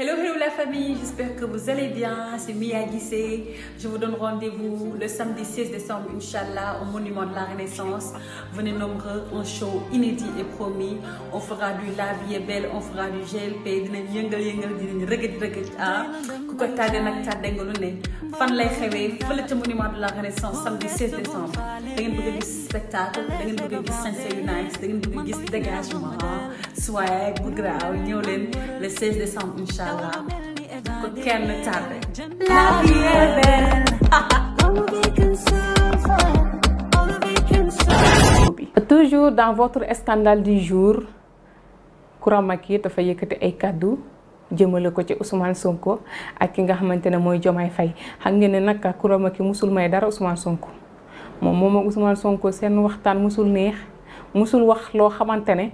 Hello, hello la famille, j'espère que vous allez bien. C'est Mia Guissé. Je vous donne rendez-vous le samedi 16 décembre, Inch'Allah, au Monument de la Renaissance. Venez nombreux, un show inédit et promis. On fera du La Vie est Belle, on fera du GLP, ko tàggee nak tàggee nga lu ne fan lay xewé fële ca monument de la renaissance samedi 16 décembre da ngeen bëgg a gis spectacle da ngeen bëgg a gis sañse yu da ngeen bëgg a gis dégagement swag bu graaw ñëw leen le 16 décembre incha ko kenn tardé. la vie est belle. toujours dans votre scandale du jour Coura Macky dafa yëkkati ay kàddu. jëmale ko ci Ousmane Sonko ak ki nga xamante ne mooy Jomaay Faye xam ngeen ne nag kuréel ma ki musul may dara Ousmane Sonko moom Sonko seen waxtaan musul neex musul wax loo xamante ne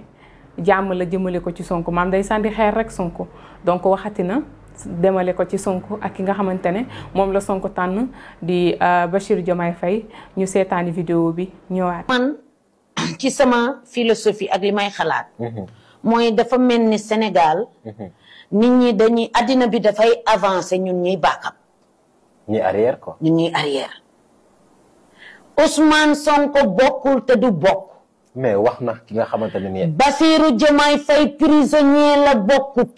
jàmm la jëmale ko ci Sonko maam day sànni xeer rek Sonko donc waxati na demale ko ci Sonko ak ki nga xamante ne moom la Sonko tànn di euh, Bachir Jomaay fay ñu seetaani vidéo bi ñëwaat. man ci sama philosophie ak li may xalaat. Mm-hmm. moy dafa melni senegal mhm. nit ñi dañuy adina bi fay avancer ñun ñi bakam ñi arrière ko ñi ñi arrière. Ousmane Sonko bokul te du bok mais waxna ki nga xamanteni ni basirou Bassirou fay prisonnier la bokut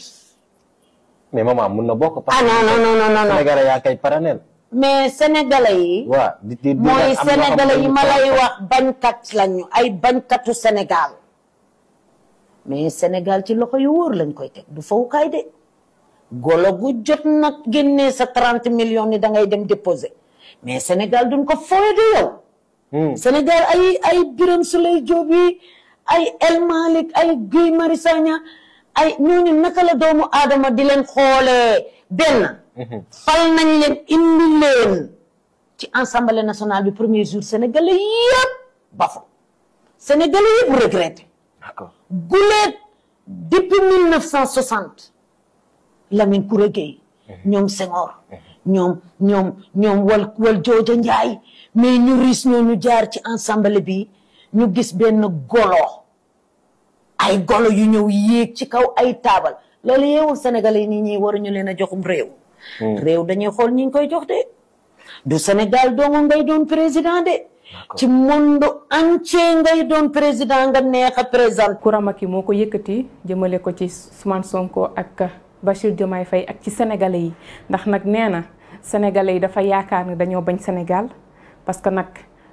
mais mama mën na bokk. ah non non non non non senegal ya kay paranel. mais sénégalais yi. waaw di di mooy sénégalais yi ma lay wax bañkat lañu ay katu Sénégal. mais Sénégal ci loxo yu wóor lañ koy teg du fawukaay de golo gu jot nag génnee sa trente millions ni da ngay dem déposer mais Sénégal duñ ko fooye de yow hmm. Sénégal ay ay Birame Souleye Diop ay El Malick ay Guy Marius Sagna ay ñooñu naka la doomu aadama di leen xoolee benn hmm. fal nañ leen indi leen ci assemblée nationale bi premier jour sénégalais yëpp bafu sénégalais yëpp regretté d'accord guleet depuis mille neuf cent soixante Lamine Kouré Gueye mhm. ñoom Senghor mhm. ñoom ñoom ñoom wal wal jooja Njaay mais ñu ris ñoo ñu jaar ci ensemble bi ñu gis benn golo ay golo yu ñëw yéeg ci kaw ay taabal loolu yeewul Sénégalais yi nii ñi waruñu leen a joxum réew mhm. réew dañuy xool ñi ngi koy jox de du Sénégal doonga ngay doon président de ci monde entier ngay doon président nga neex a présent ki moo ko yëkkati jëmale ko ci Ousmane Sonko ak Bachir Diomaye Faye ak ci sénégalais yi ndax nag nee na sénégalais yi dafa yaakaar ni dañoo bañ Sénégal parce que nag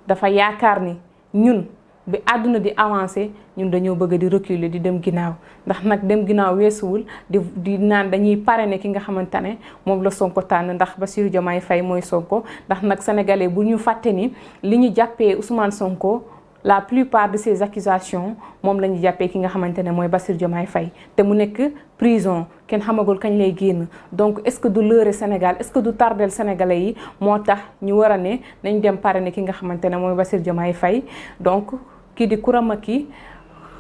dafa yaakaar ni ñun bi aduna di avancer ñun dañoo bëgg di reculer di dem ginaaw ndax nak dem ginaaw weesuwul di di naan dañuy parrainer ki nga xamantane ne la Sonko tànn ndax Bassirou Diomaye fay moy Sonko ndax nak sénégalais bu ñu faté ni li ñu Ousmane Sonko la plupart de ces accusations momblo lañu jappé ki nga xamante moy mooy Bassirou fay té mu nekk prison ken xamagul kañ lay genn donc est-ce que du lëre Sénégal est-ce que du tardel sénégalais yi motax ñu war ne nañ dem parrainer ki nga xamante moy mooy fay donc kii di Kouramaki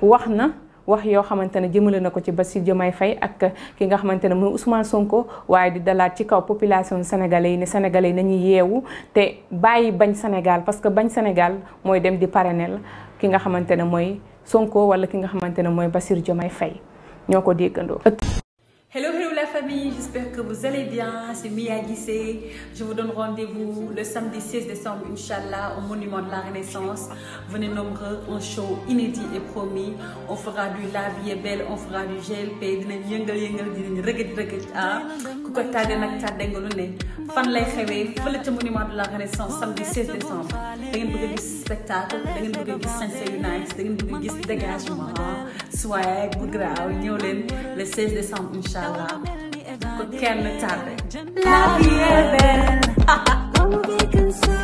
wax na wax yoo xamante ne jëmale na ko ci Bassirou Diomaye Faye ak ki nga xamante ne mooy Ousmane Sonko waaye di dalaat ci kaw population sénégalais yi ne sénégalais yi nañuy yeewu te bàyyi bañ Sénégal parce que bañ senegal mooy dem di pare ne parrainer ki nga xamante ne mooy Sonko wala ki nga xamante ne mooy Bassirou Diomaye Faye ñoo ko déggandoo. Hello, hello la famille, j'espère que vous allez bien. C'est Mia Guissé. Je vous donne rendez-vous le samedi 16 décembre, Inch'Allah, au Monument de la Renaissance. Venez nombreux, un show inédit et promis. On fera du La Vie est Belle, on fera du GLP, dinañ yëngal yëngal du rëgët rëgët ah. ku ko tàggee nag lu ne. fan lay xewee Monument de la Renaissance samedi 16 décembre. da ngeen bëgg spectacle, da ngeen bëgg a gis sañse da ngeen dégagement, swag bu graaw. ñëw le 16 décembre, Inch'Allah. con Ken Tarek. La vie è bella,